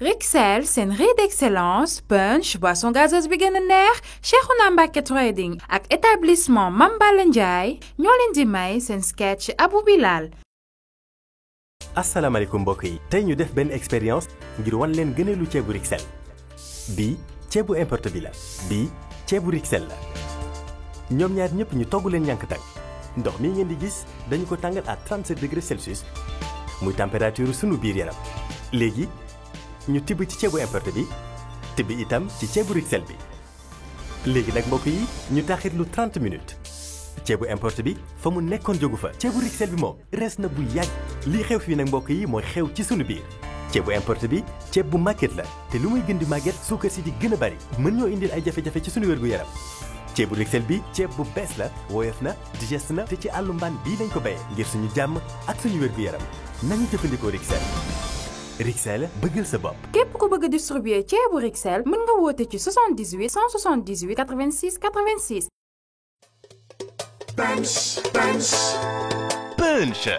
Rixel, Senri d'excellence, Punch, boisson gazeuse bi gën a Trading ak établissement Mame Balla Ndiaye di may Sen sketch Abou Bilal. Assalamu alaikum yi tey ñu def ben expérience ngir wan gëne lu ceebu Rixel Bi, ceebu importe bi la bii ceebu Rixel la ñoom ñaar ñëpp ñu togg len ñank tag. ndox mi ngeen di gis dañ ko tangal à 37 degrés Celsius muy température suñu biir yaram léegi. ñu tibb ci ceebu importé bi tibb itam ci ceebu Rixel bi léegi nag mbokk yi ñu taxit lu 30 minutes ceebu importé bi fa mu nekkoon jógu fa ceebu Rixel bi moom rees na bu yàgg lii xew fii nag mbokk yi mooy xew ci sunu biir ceebu importé bi ceeb bu màgget la te lu muy gën di màgget suukar si di gën a bari mën ñoo indil ay jafe-jafe ci sunu wér-gu-yaram ceebu Rixel bi ceeb bu bees la woyof na digeste na te ci àllu bii lañ ko béyee ngir suñu jàmm ak suñu wér yaram nañu jëfandikoo Rixel Rixel bëggal sa bopp. képp ku bëgg a distribuer ceebu Rixel mën nga woote ci 78 178 86 86. Punch punch. Punch.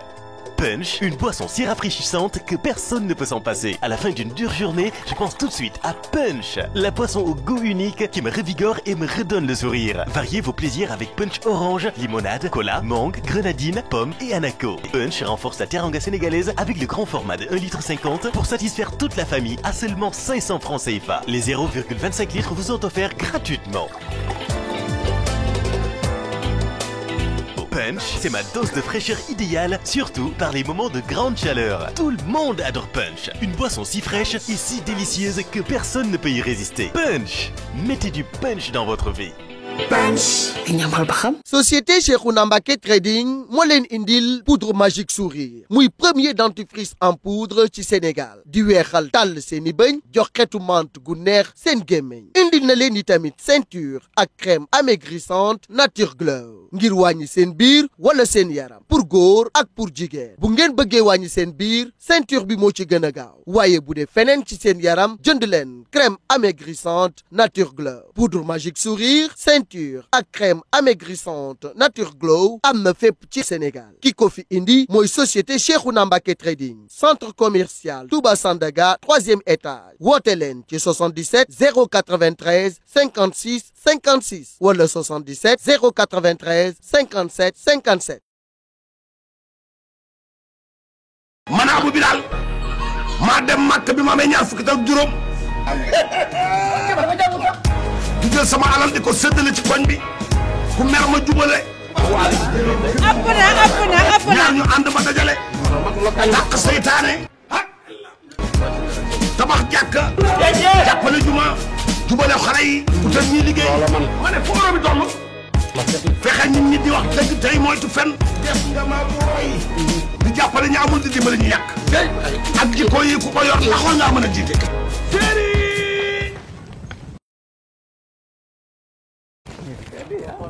Punch, une boisson si rafraîchissante que personne ne peut s'en passer. À la fin d'une dure journée, je pense tout de suite à Punch, la boisson au goût unique qui me revigore et me redonne le sourire. Variez vos plaisirs avec Punch orange, limonade, cola, mangue, grenadine, pomme et anaco. Punch renforce la teranga sénégalaise avec le grand format de 1,50 litre pour satisfaire toute la famille à seulement 500 francs CFA. Les 0,25 litres vous sont offerts gratuitement. punch, c'est ma dose de fraîcheur idéale, surtout par les moments de grande chaleur. Tout le monde adore punch. Une boisson si fraîche et si délicieuse que personne ne peut y résister. Punch Mettez du punch dans votre vie. Punch. société Chez Mbacké trading Molen indil poudre magique sourire muy premier dentifrice en poudre du Sénégal di weexal Tal seeni bëñ jox mante gu neex indil na leen ceinture ak crème amaigrissante nature glow ngir wàññi seen biir wala seen yaram pour góor ak pour jigéen bu ngeen bëggee biir ceinture bi moo ci boude a gaaw waaye bu ci yaram crème amaigrissante nature glow poudre magique sourire à crème amaigrissante Nature Glow à me fait petit Sénégal Kikofi indi Moi société Chez Trading centre commercial Touba Sandaga troisième étage water 77 093 56 56 ou le 77 093 57 57. di jël sama alal di ko séddale ci koñ bi ku mer ma jubale. waaw ëpp na ëpp na ëpp na ñaar ñu ànd ma dajale. dàq seytaane. tabax jàkka. jàppale juma. jubale xale yi. utal ñuy liggéey. ma ne foo bi toll. fexe nit nit ñi wax dëgg tey moytu fen def nga ma roy di jàppale ñu amul di dimbali ñu yàq. ak jikko yi ku ko yor laxoo nga mën a jiite.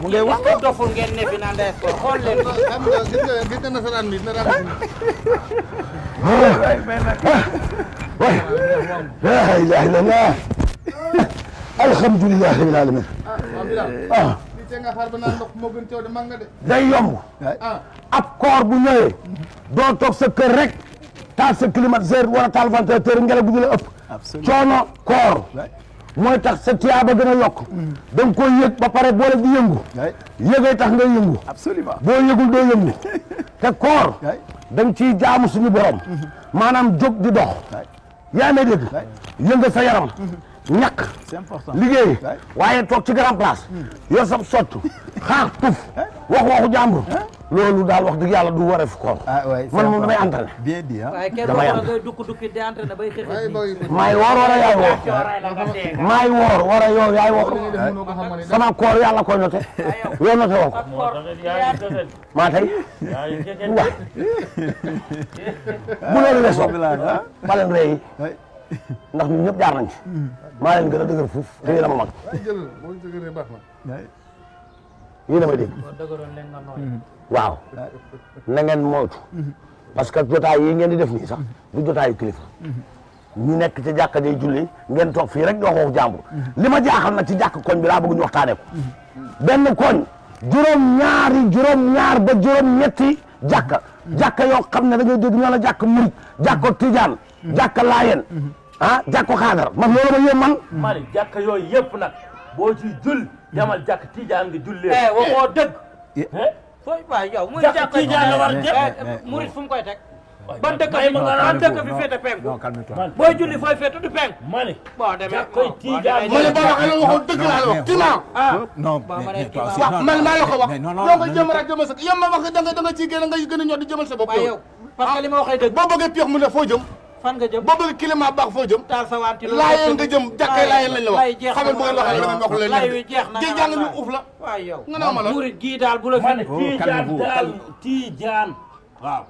mu ngi wax ko doful ngeen ne fi naan day sport xool leen ko. xam nga gis nga gis nga nasaraan bi dina ràññeeku. waay laa ilaaha illallaah alhamdulilah rabbil alamin ah, ah. day yomb. Ah. ab koor bu ñëwee. doo toog sa kër rek taal sa climatiseur wala taal ventilateur ngelaw bu ñu la ëpp. coono koor. mooy tax sa tiyaaba gën a yokk mm. da nga koy yëg ba pare boole di yëngu yëgay tax nga yëngu absolument boo yëgul doo yëngu te koor da nga ciy jaamu suñu borom mm-hmm. maanaam jóg di dox yaa ngi dégg yëngal sa yaram mm-hmm. ñàkk liggéey waaye toog ci grand place hmm. yor sab sott xaar tuf wax waxu jàmbur loolu daal wax dëgg yàlla du war a fi koor ah, man moom damay entraîné bien dit damay entraîné dukk dukki di entraîné bay xëy maay woor war a yaay woor maay woor war a yow yaay woor sama koor yàlla koy noté yow noté woo ko maa tey waa bu loolu weesoo ma ah. leen rey ndax ñun ñëpp jaar nañ ci. Hmm. maa leen gën a dëgër fuuf te yéen a ma mag. yéen a may hmm. waaw hmm. na ngeen moytu. parce que jotaay yi ngeen di def nii sax du jotaayu kilifa. ñu nekk ci jàkka day julli ngeen toog fii rek di wax waxu jàmbur. li ma jaaxal nag ci jàkka koñ bi laa bëgg ñu waxtaanee ko. benn koñ juróom ñaari juróom ñaar ba juróom ñetti jàkka. jàkka yoo xam ne da ngay dégg ñoo la jàkka murit jàkka tijaan. jàkka laayeen. ah jàkko xaadar man ma yéem man ma ne jàkk yooyu yëpp nag boo ci jul demal jàkk tijaan nga jullee eh, waxoo dëgg fooy eh? eh? waay yow murid jàkk tijaan la war jëpp murid fu mu koy teg ban dëkk bi ban dëkk bi féete penku booy julli fooy féete du penku ah, ma ne bon demee koy tijaan ma ne ba maa la ko wax loo ko jëmal ak jëmal sa yow ma wax da nga da a nga a ñor di jëmal sa bopp ma waxee dëgg boo bëggee peex ne foo jëm fan nga jëm ba bëgg climat baax foo jëm taal sa waar ci laayeen nga jëm jàkkee laayeen lañ la wax xamal bu ngeen waxee la wax jeex na gi jàng ñu uuf la waaw yow nga naa ma la murit gii daal bu la fi tiijaan waaw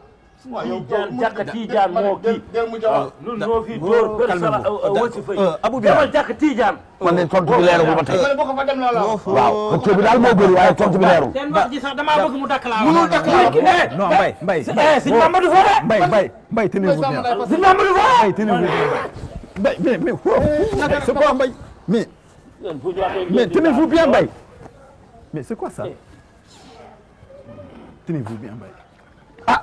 waaw yow kii jàkka kii jaan moo kii waaw ah, ñun ñoo fi door kër sama wasi fay abu bi demal jàkka tiijaan man de tontu bi leerul ba tey waaw xëccoo bi daal moo bëri waaye tontu bi leerul seen wax ji sax damaa bëgg mu dakk laa munul dakk laa eh, non mbay eh, mbay eh, sëñ Mamadou Fara mbay mbay mbay tenez-vous bien sëñ Mamadou Fara mbay tenez-vous bien mbay mais mais c'est quoi mbay mais mais tenez-vous bien mbay mais c'est quoi ça tenez-vous bien mbay ah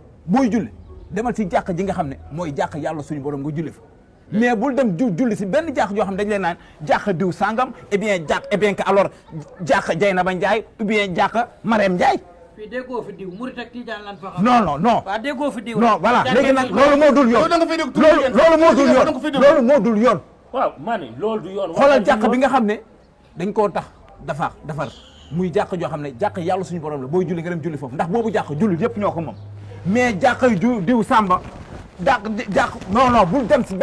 booy julli demal si jàkk ji nga xam ne mooy jàkk yàlla suñu borom nga julli fa mais bul dem ju julli si benn jàkk joo xam dañ leen naan jàkk diw sangam et eh bien jàkk et eh alors jàkk Dieynaba Ndiaye ou bien jàkk Marème Ndiaye fii déggoo ak tijaan lan fa xam non non non waaw déggoo fi diw non voilà léegi nag loolu moo dul yoon loolu yoon loolu moo ne loolu bi nga xam ne dañ koo tax dafaax dafar muy jàkk joo xam ne jàkk yàlla suñu borom la booy julli nga dem julli foofu ndax boobu jàkk julli yëpp ñoo ko moom mais you Samba. non non si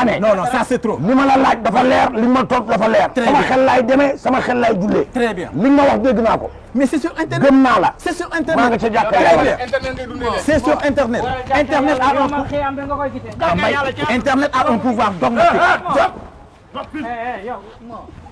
non c'est mais c'est sur internet c'est sur internet c'est sur internet internet a un internet pouvoir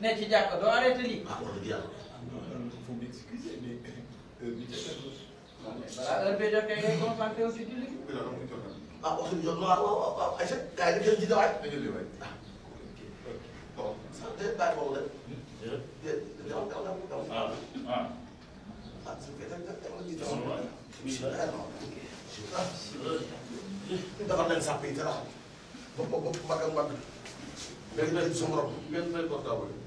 ne ci jàkka doo arrêté lii. ah wax dëgg yàlla. faut m'excuser mais ah waxtu bi jot na waaw waaw waaw ayca gars yi dañu jël waay dañu jël waay ah bon sax day bàyyi boobu rek. déedéet da nga da nga da nga. ah ah. su fekkee da nga da nga ji jox ko. bisimilah. dafa leen sàpp yi te raxam. ba ba ba mag ak mag. léegi nag su ma romb. ngeen may portable.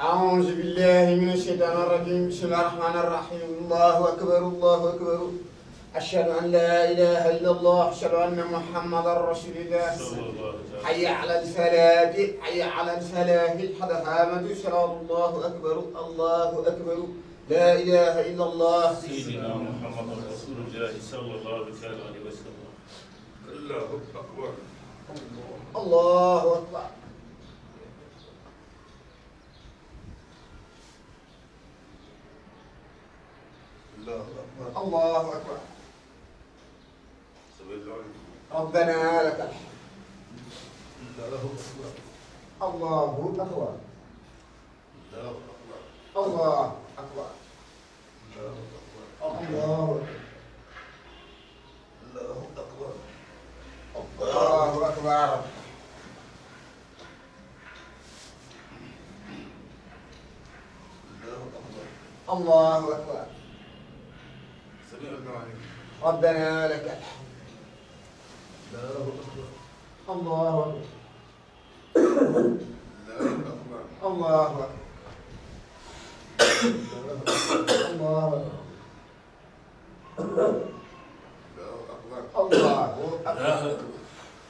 أعوذ بالله من الشيطان الرجيم بسم الله الرحمن الرحيم الله أكبر الله أكبر أشهد أن لا إله إلا الله أشهد أن محمد رسول الله حي على الفلاح حي على الفلاح قد هامت صراط الله أكبر الله أكبر لا إله إلا الله سيدنا محمد رسول الله صلى الله عليه وسلم الله أكبر الله أكبر الله أكبر الله أكبر ربنا لك الحمد الله أكبر الله أكبر الله أكبر الله أكبر الله أكبر الله أكبر الله أكبر ربنا لك الحمد الله أكبر الله أكبر الله أكبر الله أكبر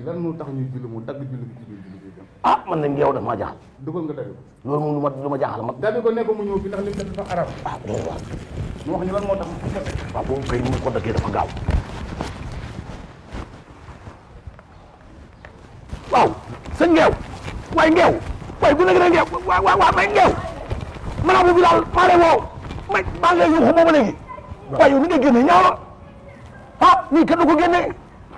gi lan moo tax ñu julli mu dagg julli gi julli julli gi dem ah man nag yow damaa jaaxal dugal nga dayo loolu moom lu ma lu ma jaaxal ma daal di ko nekk mu ñëw fi ndax li mu def dafa arab ah loolu waaw mu wax ñu lan moo tax waaw boobu kay mu ko daggee dafa gaaw waaw sëñ ngeew waaye ngeew waaye ku nekk na ngeew waaw waaw may ngeew manaa boobu daal maa lay woo may maa ngi lay yuuxu boobu léegi waaye yow ni nga génne ñaaw la ah nii kenn du ko génne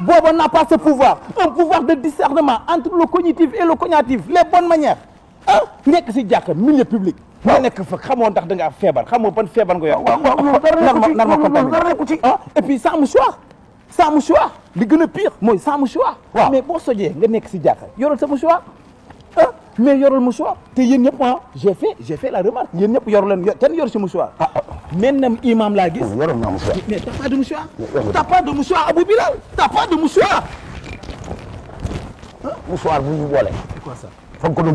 Bobo n'a pas ce pouvoir. Un pouvoir de discernement entre le cognitif et le cognitif. Les bonnes manières. Hein? nekk milieu public. waaw nga nekk fa xamoo ndax da ngaa feebar xamoo ban feebar nga yor. waaw waaw hein? et puis sans mouchoir sans mouchoir li gën pire mooy sans mouchoir. waaw mais boo sojee nga nekk si jàkka yoral ce mouchoir hein mais le mouchoir tu es ah, j'ai fait j'ai fait la remarque Il mouchoir ah, ah, imam mais t'as pas de mouchoir t'as pas de mouchoir Abou Bilal t'as pas de mouchoir hein? mouchoir vous c'est quoi ça Faut que nous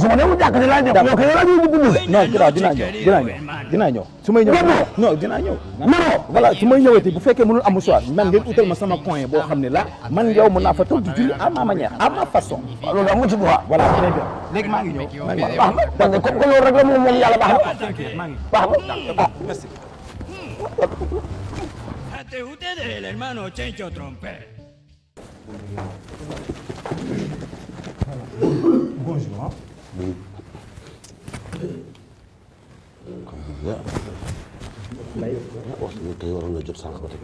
sumane mu jàkkee laa ñëw yow kay laa ñëw bu dul non kira dinaa ñëw dinaa ñëw dinaa ñëw su may ñëw non dinaa ñëw maro voilà su may ñëwati bu fekkee mënul am soir man ngeen nah, ah. utal ma sama coin boo xam ne la man yow mën naa di julli à ma manière à ma façon loolu amu ci droit voilà très bien léegi maa ngi que que bonjour. Hein. Oui. kon yaa waxtu bi tey waroon na jot sànq ba tey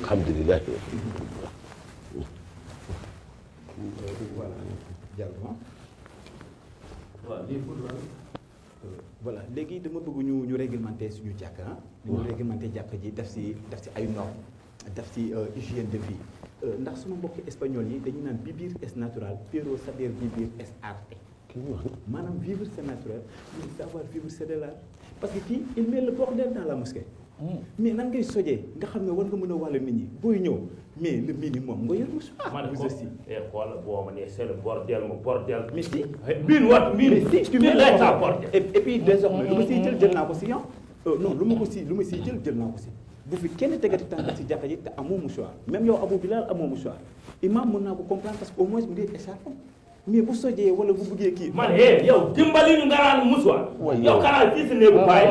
alhamdulilah voilà léegi dama bëgg ñu ñu réglementé suñu jàkk ah ñu réglementé jàkk ji def si def si ay normes def si euh, hygiène de vie Euh, ndax suma mbokki espagnol yi dañu naan vivir es natural pero saber vivir es arte maanaam vivre c'est naturel mais savoir vivre c'est de l'art parce que kii il met le bordel dans la mosquée hmm. mais nan ngay sojee nga xam ne war nga mën a wàll nit ñi booy ñëw mais le minimum nga yor mouchoir. man ko eh xool boo ma nee c'est le bordel mu bordel. mais si eh, mille watt mille. si tu mets la porte. et puis désormais lu ma siy jël jël naa ko si yow. Hein. Euh, non lu ma ko si lu ma siy jël jël naa ko si. bu fi kenn tegati tànk si jàkka ji te amoo mouchoir même yow Abu Bilal amoo mouchoir imam mën naa ko comprendre parce que au moins mu ngi écharpe mais bu sojee wala bu buggee kii. man eh yow dimbali ñu nga naan mouchoir. kanaan fii si néegu baay.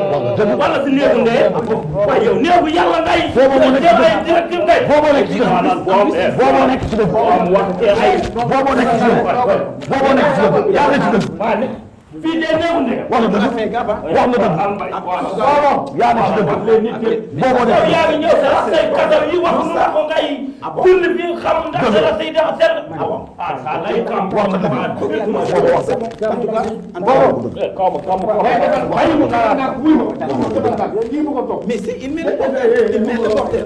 wala si néegu ndey. waaye yow néegu yàlla ngay. boobu moo nekk ci dëkk boobu eh. nekk ci dëkk boobu eh, nekk ci dëkk boobu nekk ci dëkk boobu nekk ci dëkk boobu nekk ci dëkk yàlla ci dëkk fii de nekkul ne. wax na dëgg wax na dëgg. waaw waaw yaa ngi ci dëgg. booboo de. yow yaa ngi ñëw sax say katam yi wax na ko ngay. dund ah, bi xam ndax dara say dafa ah, sell. ah ça lay kam. wax na dëgg wax na wax sax. en tout cas. Eh, booboo. kaw ma kaw ma kaw ma. waaye mu kaaraat. mais si il mérite eh, eh, il mérite de porter.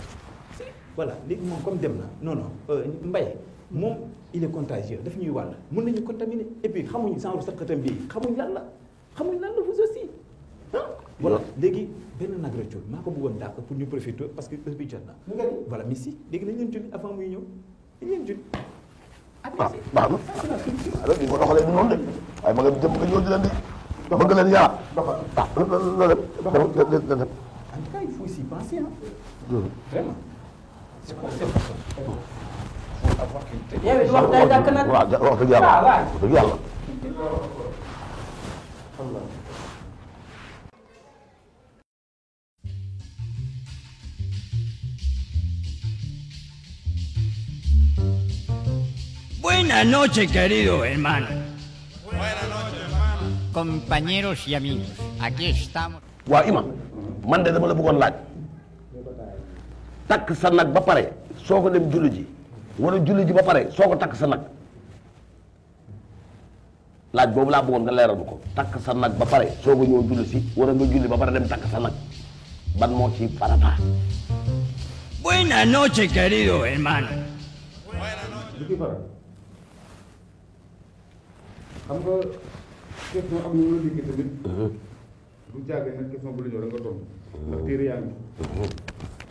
voilà léegi moom comme dem na non non euh, Mbaye moom il est contagieux daf ñuy wàll mën nañu contaminer et puis xamuñ genre saqatam bi xamuñ lan la xamuñ lan la vous aussi ah voilà léegi benn nag rëccul maa ko bëggoon dàq pour ñu profiter parce que heure bi jot na voilà mais si léegi nañ leen julli avant muy ñëw dañ leen julli baax na ah, ah, ñu ko doxalee noonu de waaye ma nga dem nga ñëw di leen di bëgg leen yaa doxal ah loolu dem en tout cas il faut aussi penser ah vraiment Buenas noches, querido hermano. Buenas noches, hermano. Compañeros y amigos, aquí estamos. Guau, imam, man de la Tak sa nag ba pare soko dem julli ji wala julli ji ba pare soko tak sa nag laaj bobu la bëggon nga leral ko tak sa nag ba pare soko ñoo julli ci wala nga julli ba pare dem tak sa nag ban mo ci farata buena noche querido hermano. buena noche. xam nga question am na lu liggéey tamit. du kita nag question bu la ñëw da nga tontu. ndax téere yaa ngi.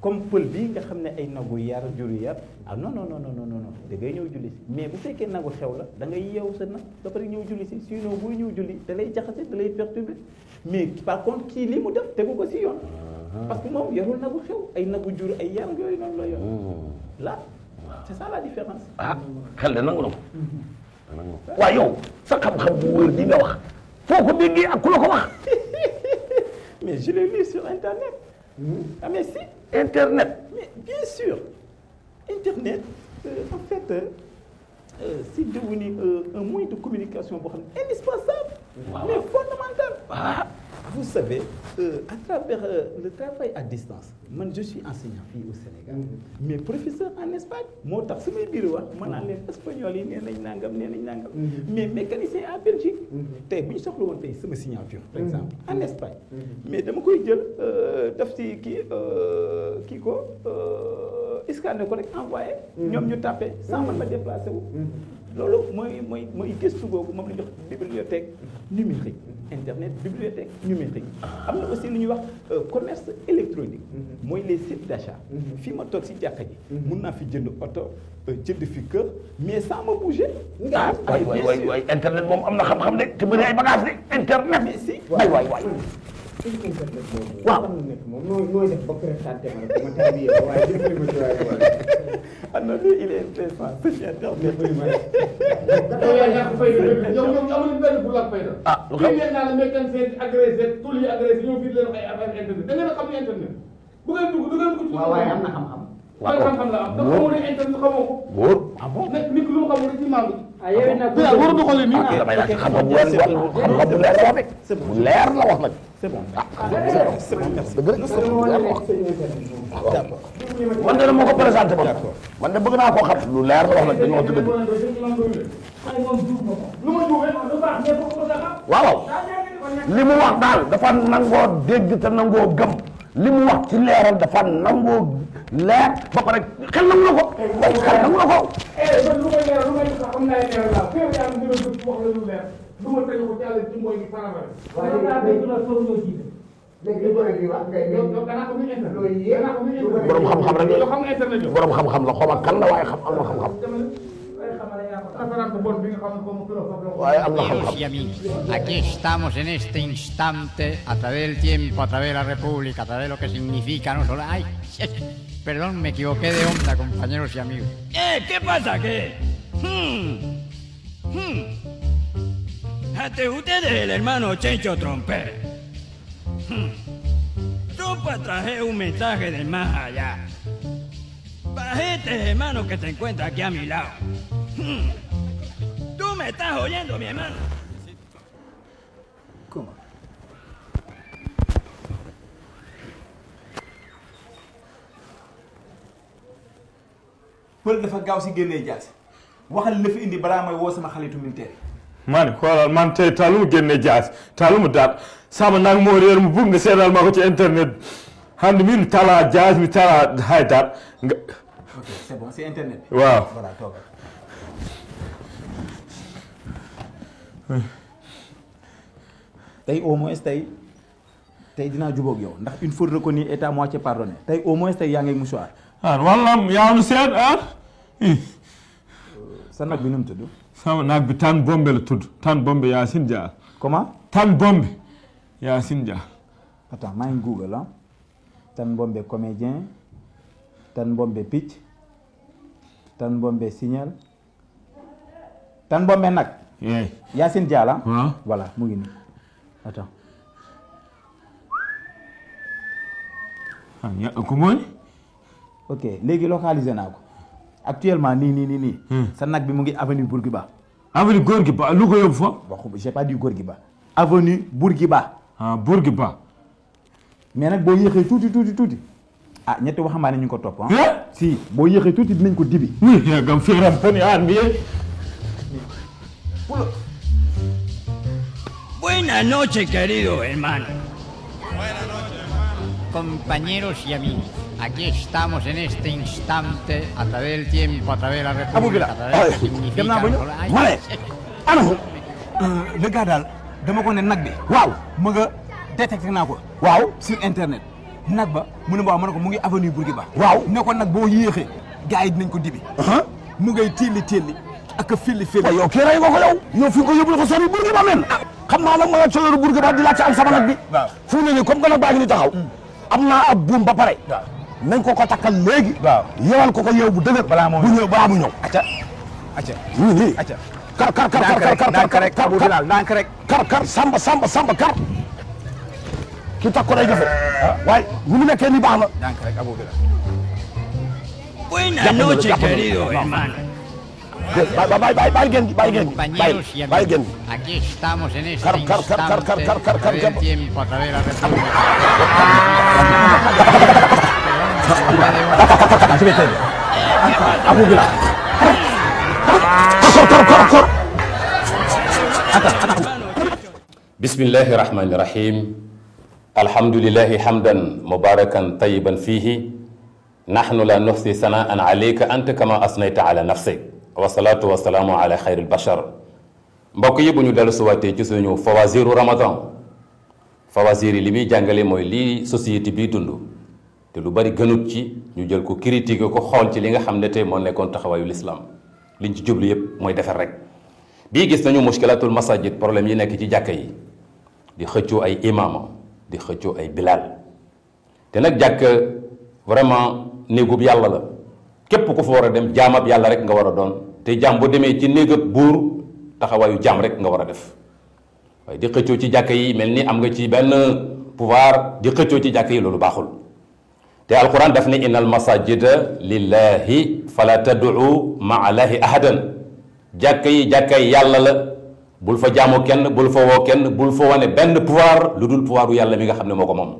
comme peul bi nga xam ay nagu yar juru yar ah non non non non non da ngay ñëw julli mais bu fekkee nagu xew la da ngay yew sa nag ba pare ñëw julli ci sino bu ñëw julli da lay jaxase da lay perturber mais par contre kii li mu def tegu ko si yoon. parce que mom yarul nagu xew ay nagu jur ay yar yoy non la yor. Hmm. la c'est ça la différence. ah xel de nangu na ko. Mhm. yow sa xam-xam bu wër di nga wax foko ko ak ku la ko wax. mais je l'ai lu sur internet. Ah mais si. Internet. Mais bien sûr. Internet, euh, en fait, euh, euh c'est devenu euh, un moyen de communication indispensable, mais fondamental vous savez, euh, à travers euh, le travail à distance, je suis enseignant au Sénégal, mm. Mes professeurs mais professeur en Espagne, je suis bureau, moi, je suis espagnol, mais mm-hmm. à Belgique. Je suis enseignant signature par mm-hmm. exemple en mm-hmm. Espagne mais dama koy jël euh sans déplacer loolu mooy mooy mooy gëstu googu moom la jox bibliothèque numérique internet bibliothèque numérique am na aussi lu ñuy wax euh, commerce électronique mhm. mooy les sites d'achat mhm. fii ma toog si jàkka ji mhm. mun naa fi jënd oto euh, jënd fi kër mais sans ma bouger nga ah, ah, waay waay waay internet moom am na xam-xam de te bëri ay bagage de internet mais si waay waay waay internet waaw moom nooy def ba ah non lui il est intéressant suñu internet. ah lu xam ne naa la mécanicien agressé tous les agressé ñoom fii leen ay affaire internet da ngeen a xam ne internet bu ngeen dugg du ngeen dugg. waaw waaye am na xam-xam. waaw xam-xam la am dafa xamul ne internet xamoo ko. wóor ah bon nag nit ku lu xamul rek ci maandu. ah yéen a ngi nag bu leer la wax nag. c'est bon ah c'est bon merci. man de moo ko présenté ba. man de bëgg naa koo xam lu leer la wax nag dañu wax dëgg. waaw li mu wax daal dafa nangoo dégg te nangoo gëm li mu wax ci leeral dafa nangoo leer ba pare xel nangu na ko. xel nangu na ko. Eh, duma tey ko jaale ci mooy farama. waaye yow daa dégg la soog ñoo ¿De léegi li ko indi wax ngay dégg. donc danaa ko muy internet. loolu yéen danaa ko muy internet. borom xam-xam rek yow xam internet yow. borom xam-xam la xoma kan la waaye xam am na xam-xam. Ay, Amigos y amigas, aquí estamos en este instante, a través del tiempo, a través de la República, a través de lo que significa, no solo. ¡Ay! Perdón, me equivoqué de onda, compañeros y amigos. ¿Qué? ¿Qué pasa? ¿Qué? Hmm. Hmm. Ante ustedes el hermano Chencho Tú hmm. para traje un mensaje del más allá. Para este hermano que se encuentra aquí a mi lado. Hmm. Tú me estás oyendo, mi hermano. ¿Cómo? pël dafa gaaw si ellas, jaas waxal la fi indi para may sama xalitu militaire ma ne xoolal man tey taalu mu génne jaas taalu mu sama nag moo réer mu bugg nga seetal ma ko ci internet hande min tala jaas mi tala hay daal nga. tey au moins tey tey dinaa jubóog yow ndax une faute reconnue est à moitié pardonnée tey au moins tey yaa ngi mouchoir. Ah, walla yaa nu seet ah. sa nag bi nu mu tudd. sama nak bi tan bombe la tud tan bombe ya Dia. comment tan bombe ya Dia. attends main google ah tan bombe comédien tan bombe pitch, tan bombe signal tan bombe nak, ya Yacine Dia la. wala, voilà mu ngi attends. ah ko mooy. ok léegi localisé naa ko. actuellement ni ni ni ni. Hmm. sa nag bi mu ngi avenue Bourguiba. avenue Bourguiba lu ko yóbbu fa. j'ai pas dit Bourguiba. avenue Bourguiba. ah Bourguiba. mais nak boo yéexee tuuti tuuti tuuti. ah ñetti waxambaane ñu ngi ko topp ah. Eh? si boo yéexee tuuti dinañ ko dibi. yaa gam firam fan yaan bi Buenas noches, querido hermano. Buenas noches, hermano. Compañeros y amigos. Aquí estamos en este instante, a través del tiempo, a través de la ah, república, a través de la ano dëggaa daal dama ko ne nag bi waaw ma nga détecté sur internet nag ba mu ne ko avenue Bourguiba Wow, ne ko nag boo yéexee gars yi dinañ ko dibi mu ngay téeli ak a fili. filli yow kii rey yow Yo fi nga ko yóbbu ko sori Bourguiba men ah. xam naa la ma nga soloru Bourguiba di laaj am sama nagbi. Wow. fu mu ne nii comme que nag baa taxaw mm. ab ba pare nañ ko samba samba samba eh. Buenas noches, querido Compañeros y aquí estamos en este instante بسم الله الرحمن الرحيم الحمد لله حمدا مباركا طيبا فيه نحن لا نحصي ثناء عليك أنت كما أثنيت على نفسك والصلاة والسلام على خير البشر mbokk yi نيو دالو سواتي suwaatee سونو فوازير رمضان فوازير لي مي جانغالي موي لي سوسيتي بي دوندو te lu bari gënut ci ñu jël ko critiquer ko xool ci li nga xam ne tey moo nekkoon taxawaayu lislaam li liñ ci jublu yëpp mooy defar rek bii gis nañu mushkilatul masajid problème yi nekk ci jàkk yi di xëccoo ay imaama di xëccoo ay bilaal te nag jàkk vraiment néegub yàlla la képp ku fa war a dem jaamab yàlla rek nga war a doon te jaam bu demee ci néegab buur taxawaayu jaam rek nga war a def waaye di xëccoo ci jàkk yi mel ni am nga ci benn pouvoir di xëccoo ci jàkka yi loolu baaxul تي القران دافني ان المساجد لله فلا تدعوا مع الله احدا جاكي جاكي يالا لا بول فا جامو كين بول فا وو كين بول فا واني بن بوار لودول بوارو يالا ميغا خامني موكو موم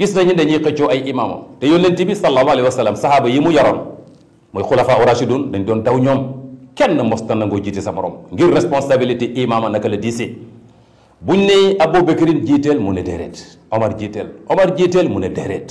غيس ناني داني خيو اي امام تي يولنتي بي صلى الله عليه وسلم صحابه يمو يارون موي خلفاء الراشدون داني دون داو نيوم كين مستنغو جيتي سامروم غير ريسبونسابيلتي امام نك لا ديسي بو ابو بكرين جيتل مو ديريت عمر جيتل عمر جيتل مو ديريت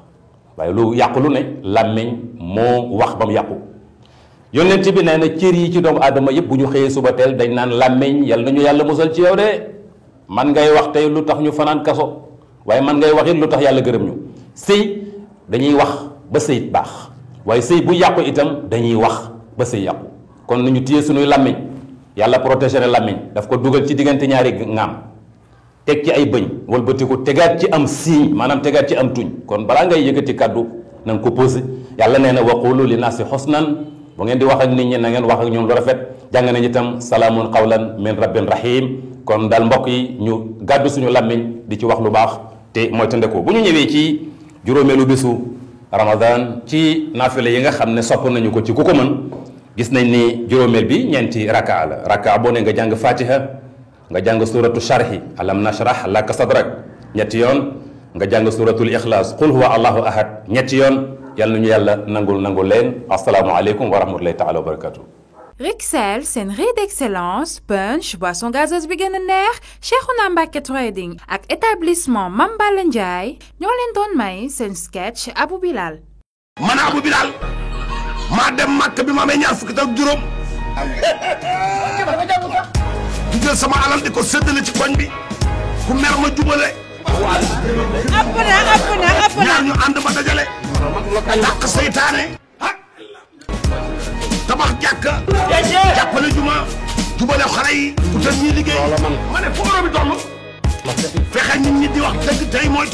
waaye lu yàqu lu ne làmmiñ moo wax ba mu yàqu yonent bi nee na cër yi ci doomu aadama yëpp bu ñu xëyee suba teel dañ naan làmmiñ yal nañu yàlla musal ci yow de man ngay wax tey lu tax ñu fanaan kaso waaye man ngay wax lu tax yàlla gërëm ñu sëy dañuy wax ba sëy baax waaye sëy bu yàqu itam dañuy wax ba sëy yàqu kon nañu téye suñuy làmmiñ yàlla protégé làmmiñ daf ko dugal ci diggante ñaari ngaam teg ci ay bëñ walbatiku tegaat ci am siiñ maanaam tegaat ci am tuñ kon balaa ngay yëkkati kàddu na ko posé yàlla nee na waqulu li naasi xusnan bu ngeen di wax ak nit ñi na ngeen wax ak ñoom lu rafet jàng nañu itam salaamun qawlan min rabbin rahim kon daal mbokk yi ñu gàddu suñu làmmiñ di ci wax lu baax te mooy tëndeku bu ñu ñëwee ci juróomeelu bisu ramadan ci naafile yi nga xam ne sopp nañu ko ci ku ko mën gis nañ ni juróomeel bi ñeenti raka la raka boo ne nga jàng fatiha nga jàng suratu sharhi alam nashrah lak sadrak ñet yoon nga jàng suratul ikhlas qul huwa allahu ahad ñet yoon yàlla ñu yàlla nangul nangul leen alaykum wa rahmatullahi taala wa barakatuh Rixel rue d'excellence punch boisson gazeuse bi gën a Trading ak établissement Mame Balla Ndiaye ñoo leen may seen sketch Abou Bilal man Abou Bilal maa dem màkk bi ma ñaar fukki ak juróom jël sama alal di ko séddale ci koñ bi ku mer ma jubale. waaw ëpp na ëpp na ëpp na ñaar ñu ànd ma dajale. seytaane. tabax jàkka. jàppale juma. jubale xale yi. utal ñuy liggéey. ma ne foo war a toll. fexe ñi di wax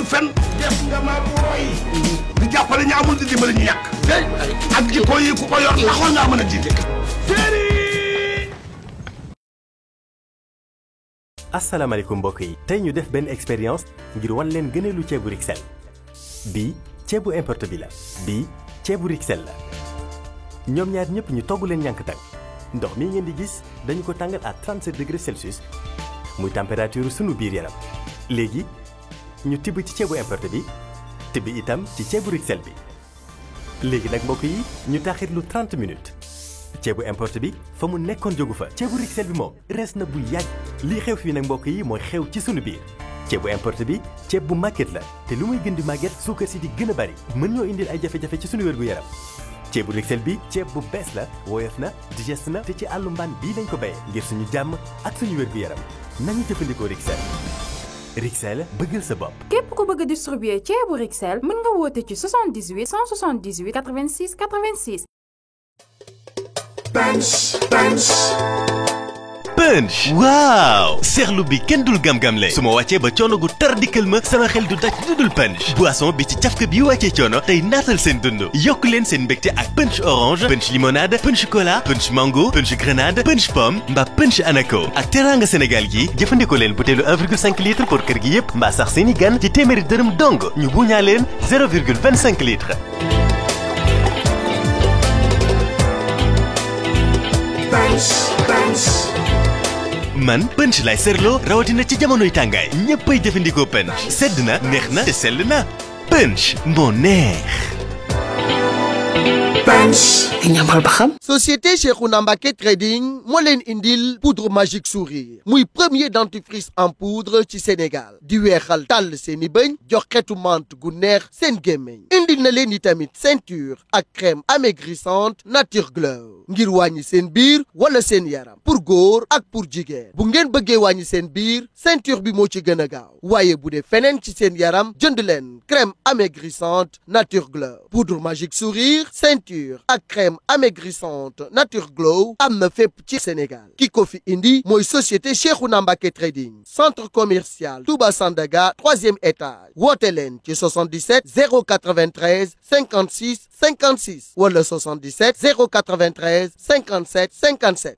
fen. def nga di jàppale ñi amul di dimbali ñu yàq. ak jikko ku ko yor laxoon ngaa mën asalaamaaleykum mbok yi tay ñu def Ben experience ngir wan leen gëneelu ceebu Rixel bi ceebu importe bi la bi ceebu Rixel la ñom ñaar ñëpp ñu togg leen ñank tak ndox mi ngeen di gis dañ ko tangal à 37 degrés Celsius muy température sunu biir yaram légui ñu tibbi ci ceebu importe bi tibbi itam ci ceebu Rixel bi légui nak mbok yi ñu taxit lu 30 minutes ceebu importe bi fa mu nekkoon jógu fa ceebu Rixel bi moom rees na bu yàgg lii xew fii nag mbokk yi mooy xew ci sunu biir ceebu importe bi ceeb bu màgget la te lu muy gën di màgget suukar si di gën a bari mën ñoo indil ay jafe-jafe ci sunu wér gu yaram ceebu Rixel bi ceeb bu bees la woyof na digeste na te ci àllu mbaan bii lañ ko béyee ngir suñu jàmm ak suñu wér gu yaram nañu jëfandikoo Rixel Rixel bëggal sa bopp. képp ku bëgg a distribuer ceebu Rixel Punch Punch punch waaw seexlu bi kenn dul gam-gamle su ma wàccee ba coono gu tar dikkal ma sama xel du daj lu dul punch boisson bi ci caf cafka bi wàccee coono tey naatal seen dund yokk leen seen mbégte ak punch orange punch limonade punch cola punch mango punch grenade punch pomme mbaa punch anaco ak teraanga Sénégal gi jëfandikoo leen butéelu 1,5 litre pour kër gi yëpp mba sax seeni gan ci téeméeri dërëm dong ñu buñaa leen 0,25 litre man punch lay seetloo rawatina ci jamonoy tàngaay ñëppay jëfandikoo punch sedd na neex na te sell na punch moo société chez Runambaquet trading molen indil poudre magique sourire muy premier dentifrice en poudre ci Sénégal di Tal Tal seeni bëñ jox xetu mante indil na nitamit ceinture à crème amaigrissante nature glow ngir Senbir, seen wala seen pour gour, ak pour diger. bu ngeen ceinture bi moo ci gën fenen gaaw yaram crème amaigrissante nature glow poudre magique sourire ceinture à crème amaigrissante nature glow à me fait petit Sénégal Kikofi indi société Chez trading centre commercial Touba Sandaga troisième étage Wotelen, 77 093 56 56 ou le 77 093 57 57